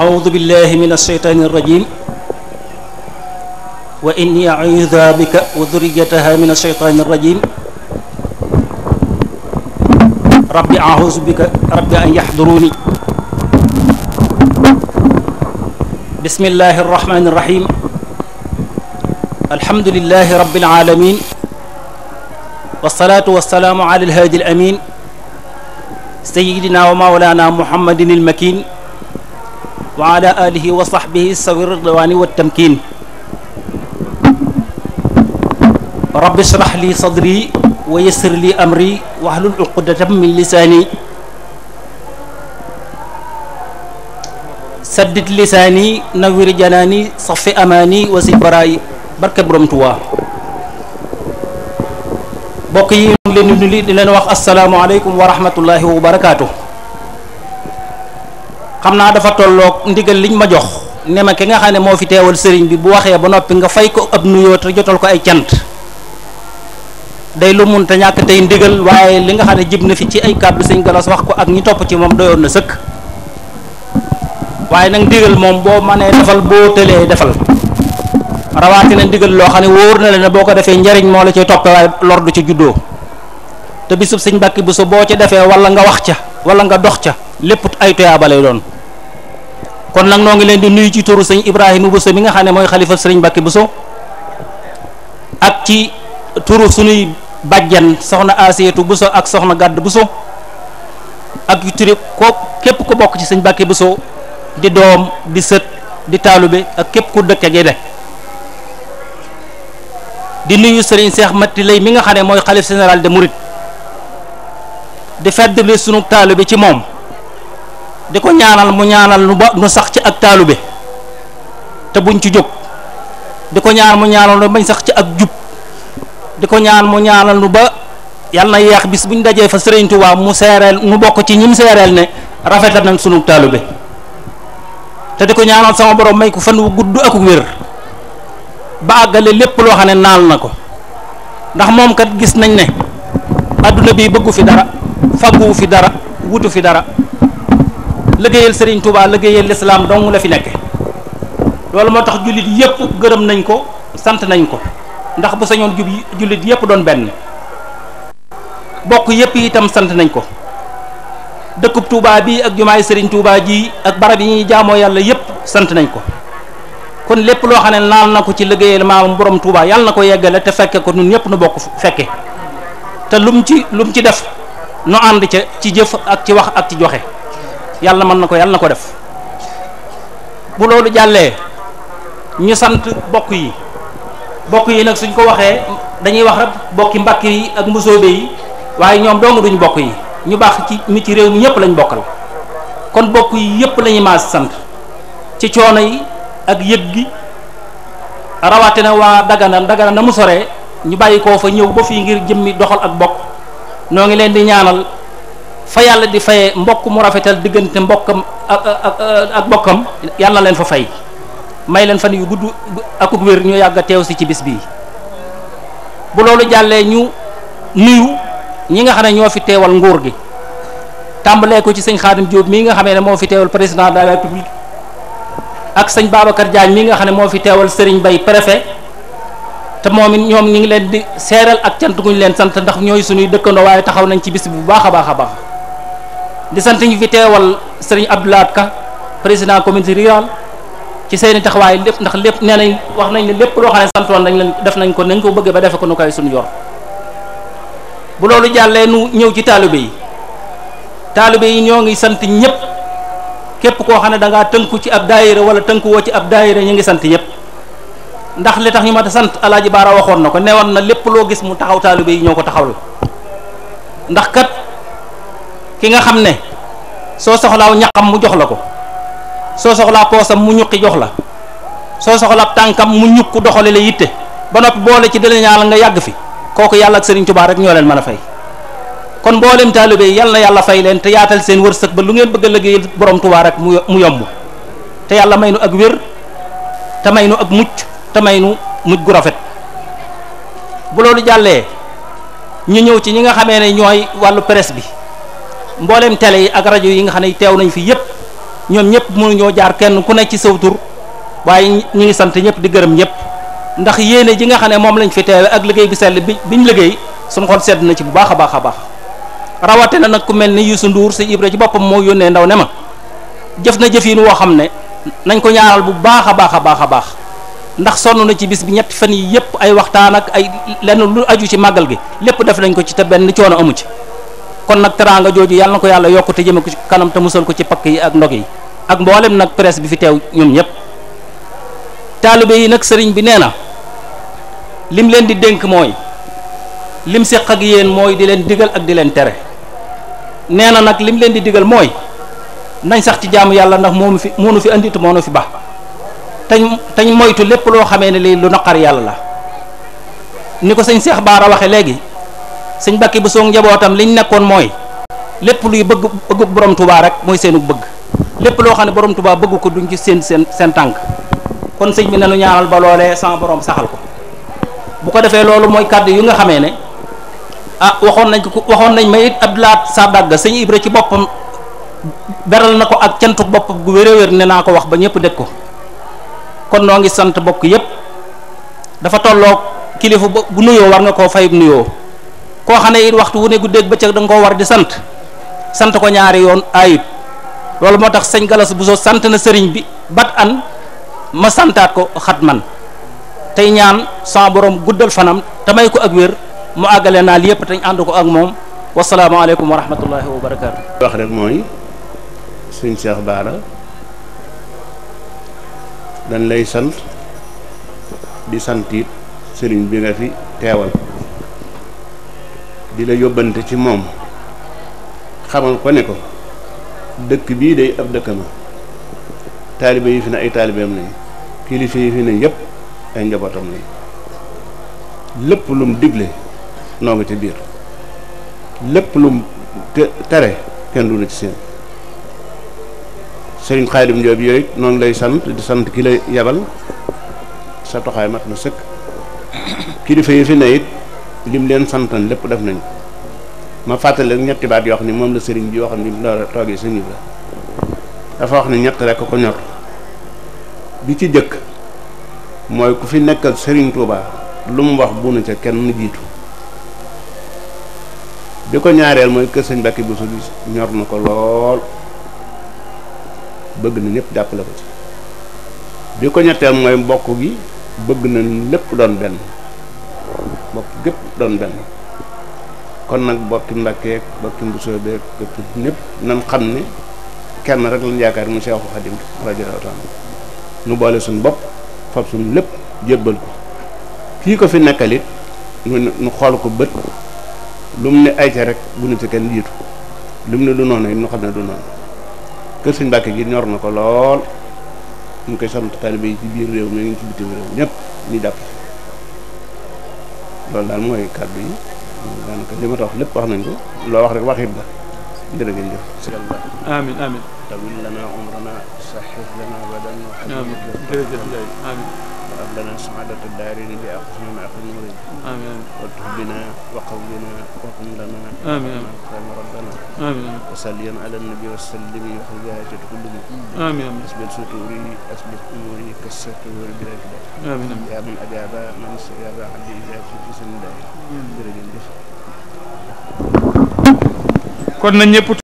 أعوذ بالله من الشيطان الرجيم وإني أعوذ بك وذريتها من الشيطان الرجيم ربي أعوذ بك ربي أن يحضروني بسم الله الرحمن الرحيم الحمد لله رب العالمين والصلاة والسلام على الهادي الأمين سيدنا ومولانا محمد المكين wa ala alihi wa sahbihi sawi ridwani wa tamkin rabbi shrah li sadri wa yassir li amri wahlul uqdatam min lisani saddit lisaani nawir janaani safi amaani wasi baraay barke borom Tuubaa bokk yi ñu ngi leen di nuyu di leen wax asalaamaaleykum wa rahmatullahi wa barakaatu. xam naa dafa tolloog ndigal liñ ma jox ne ma ki nga xam ne moo fi teewal sëriñ bi bu waxee ba noppi nga fay ko ab nuyoo te jotal ko ay cant day lu mun te ñàkk tey ndigal waaye li nga xam ne jib na fi ci ay kàddu sëñ Galas wax ko ak ñi topp ci moom doyoon na sëkk waaye nag ndigal moom boo mënee defal boo tëlee defal rawatina ndigal loo xam ne wóor na la ne boo ko defee njariñ moo la ci toppe waaye du ci juddoo te bisub sëñ Mbàkke bu so boo ci defee wala nga wax ca wala nga dox ca lépp ay tuyaaba kon nag noo ngi leen di nuyu ci turu sëñ Ibrahima Bousso mi nga xam ne mooy xalifa sëriñ Mbàkke Bousso ak ci turu suñuy bàjjan soxna Asiyatu Bousso ak soxna Gàdd buso ak yu turu képp ko bokk ci sëñ Mbàkke Bousso di doom di sët di taalube ak képp ku dëkk gi di nuyu sëriñ Seex Mati Lay mi nga xam ne mooy xalif général de Mouride di feddali sunu bi ci moom di ko ñaanal mu ñaanal nu ba nu sax ci ak taalube te buñ ci jóg di ko ñaan mu ñaanal nu sax ci ak jub di ko ñaan mu ñaanal nu ba yàlla na yeex bis bu ñu dajee fa Sëriñ Tuubaa mu seereel nu bokk ci ñim seereel ne rafetal nañ sunu taalube te di ko ñaanal sama borom may ko fan wu gudd ak wér ba àggale lépp loo xam ne naal na ko ndax moom kat gis nañ ne adduna bi bëggu fi dara fagguwu fi dara wutu fi dara liggéeyal sëriñ Touba liggéeyal lislaam dong la fi nekk loolu moo tax jullit yépp gërëm nañ ko sant nañ ko ndax bu sañoon jub jullit yépp doon benn bokk yépp itam sant nañ ko dëkkub Touba bi ak jumaay sëriñ Touba ji ak barab yi ñuy jaamoo yàlla yépp sant nañ ko kon lépp loo xam ne naan na ko ci liggéeyal maam borom Touba yàlla na ko yeggale te fekke ko ñun ñépp nu bokk fekke te lum ci lum ci def nu ànd ca ci jëf ak ci wax ak ci joxe yàlla mën na ko yàlla na ko def bu loolu jàllee ñu sant bokk yi bokk yi nag suñ ko waxee dañuy wax rek bokki mbakk yi ak mbusoobe yi waaye ñoom dong duñ bokk yi ñu baax ci nit ci réew mi ñëpp lañ bokkal kon bokk yi yëpp la ñuy maas sant ci coono yi ak yëg gi rawatina waa Dagana Dagana na mu soree ñu bàyyi koo fa ñëw ba fii ngir jëmmi doxal ak bokk noo ngi leen di ñaanal. fa yàlla di fayee mbokk mu rafetal diggante mbokkam ak mbokkam yàlla leen fa fay may leen fan yu gudd akuk wér ñu yàgg a teew si ci bis bii bu loolu jàllee ñu nuyu ñi nga xam ne ñoo fi teewal nguur gi tàmbalee ko ci sëñ Xaadim Diop mii nga xamee ne moo fi teewal président de la république ak sëñ Babacar Diagne mii nga xam ne moo fi teewal sëriñ Bay préfet te moom it ñoom ñu ngi leen di seeral ak cant guñ leen sant ndax ñooy suñuy dëkkandoo waaye taxaw nañ ci bis bu baax a baax a baax di sant ñu fi teewal sëriñ Abdoulaat Ka président communauté rurale ci seen i taxawaay lépp ndax lépp nee nañ wax nañ ne lépp loo xam ne santoon nañ def nañ ko nañ ko bëggee ba defe nu koy suñu yor bu loolu jàllee nu ñëw ci taalibe yi taalibe yi ñoo ngi sant ñëpp képp koo xam ne da ngaa tënku ci ab daayira wala tënkuwoo ci ab daayira ñu ngi sant ñëpp ndax li tax ñu ma ta sant alaaji baara waxoon na ko newoon na lépp loo gis mu taxaw taalibe yi ñoo ko taxawal ndax kat ki nga xam ne soo soxlaaw ñaqam mu jox la ko soo soxlaa poosam mu ñuqi jox la soo soxlaa tànkam mu ñukku doxale la yitte ba noppi boole ci dale la nga yàgg fi kooku yàlla ak Serigne Touba rek ñoo leen mën a fay kon mboolem taalibe yi yal na yàlla fay leen te yaatal seen wërsëg ba lu ngeen bëgg a liggéeyal borom Touba rek mu yomb te yàlla may nu ak wér te may nu ak mucc te may nu mucc gu rafet bu loolu jàllee ñu ñëw ci ñi nga xamee ne ñooy wàllu perees bi mbooleem télé yi ak rajo yi nga xam ne teew nañ fi yëpp ñoom ñëpp mënuñoo jaar kenn ku nekk ci saw tur waaye ñu ngi sant ñëpp di gërëm ñëpp ndax yéene ji nga xam ne moom lañ fi teewe ak liggéey bi sell bi biñ liggéey suñ xol sedd na ci bu baax a baax a baax rawate na nag ku mel ni yu Youssou Ndour si Ibra ci boppam moo yónnee ndaw ne ma jëf na jëf yi woo xam ne nañ ko ñaaral bu baax a baax a baax a baax ndax sonn na ci bis bi ñetti fan yi yëpp ay waxtaan ak ay lenn lu aju ci màggal gi lépp def nañ ko ci te benn coono amu ci kon nag teraanga jooju yàlla na ko yàlla yokk te jëme ko ci kanam te musal ko ci pakk yi ak ndog yi ak mboolem nag presse bi fi teew ñoom ñëpp taalibe yi nag sëriñ bi nee na lim leen di dénk mooy lim seq ak yéen mooy di leen digal ak di leen tere nee na nag lim leen di digal mooy nañ sax ci jaamu yàlla ndax moomu fi moonu fi indiit moo nu fi ba tañ tañ moytu lépp loo xamee ne lii lu naqar yàlla la ni ko sëñ Seex Baara waxe léegi sëñ Mbàkke bu soog njabootam liñ nekkoon mooy lépp luy bëgg bëggu borom tubaa rek mooy seenu bëgg lépp loo xam ne borom tubaa bëgg ko duñ ci seen seen tànk kon sëñ bi nanu ñaanal ba loolee sama borom saxal ko bu ko defee loolu mooy kàddu yu nga xamee ne ah waxoon nañ ko waxoon nañ ma it Abdoulaat sa dàgg sëñ Ibra ci boppam beral na ko ak cantuk bopp gu wér-wér ne naa ko wax ba ñëpp dégg ko kon noo ngi sant bokk yépp dafa tolloog kilifa bu nuyoo war nga koo fayub nuyoo. koo xam ne it waxtu wu ne guddeeg bëccëg da nga koo war di sant sant ko ñaari yoon ayib loolu moo tax sëñ Galas Buso sant na sëriñ bi bat an ma santaat ko xat man tey ñaan sama borom guddal fanam tamay ko ak wér mu àggale naa li yëpp te ñu ànd ko ak moom wasalaamaaleykum wa rahmatullahi wa barakaatu. wax rek mooy sëñ Cheikh Baara dañ lay sant di sant it sëriñ bi nga fi teewal. di la yóbbante ci moom xamal ko ne ko dëkk bii day ab dëkk ma taalibe yi fi ne ay taalibeem lañ kilifa yi fi ne yépp ay njabootam lañ lépp lum digle noo nga ca biir lépp lum tere kenn du na ci seen sëriñ Xaadim Jóob yooyu noonu lay sant di sant ki la yabal sa toxaay mat na sëkk kilifa yi fi ne it lim leen santoon lépp def nañ ma fàttali rek ñetti baat yoo xam ne moom la sëriñ bi xam ni mu door a toogee sëñ bi la dafa wax ne ñett rekk ko ñor bi ci jëkk mooy ku fi nekkal sëriñ Touba lu mu wax bu na ca kenn jiitu bi ko ñaareel mooy kër sëñ Mbàkke Bousso bi ñor na ko lool bëgg na ñépp jàppale ko ci bi ko ñetteel mooy mbokk gi bëgg na lépp doon benn bokk gépp doon benn kon nag bokki Mbàkke bokki Mbusoo beeg bokki ñëpp nan xam ne kenn rek lañ yaakaar mu Seexu Xadim radiyallaahu taala nu boole suñu bopp fab suñu lépp jébbal ko kii ko fi nekkalit it nu xool ko bët lu mu ay ayca rek bu nu ci kenn jiitu lu mu ne du noonu it nu xam ne du noonu kër Sëñ Mbàkke gi ñor na ko lool ñu koy sant taalibe yi ci biir réew mi ngi ci bitim réew ñëpp ñu jàpp loolu daal mooy kàddu yi daanaka li ma ta lépp wax nañ loo wax rek waxit la jërë ngeen jëf amin tawil lana umrana sahih lana badan wa amin jërëjëf amin wa lana saadata daarini bi aqsina ma aqil murid amin wa tub bina wa qawlina wa qum lana amin rabbana آمين وصلي على النبي وسلم وحل بهاجة كلهم آمين أسبل سطوري أسبل أموري كسر أموري بلا كبار آمين يا من أجاب من استجاب عبدي إذا كنت سنة الله kon na ñëpp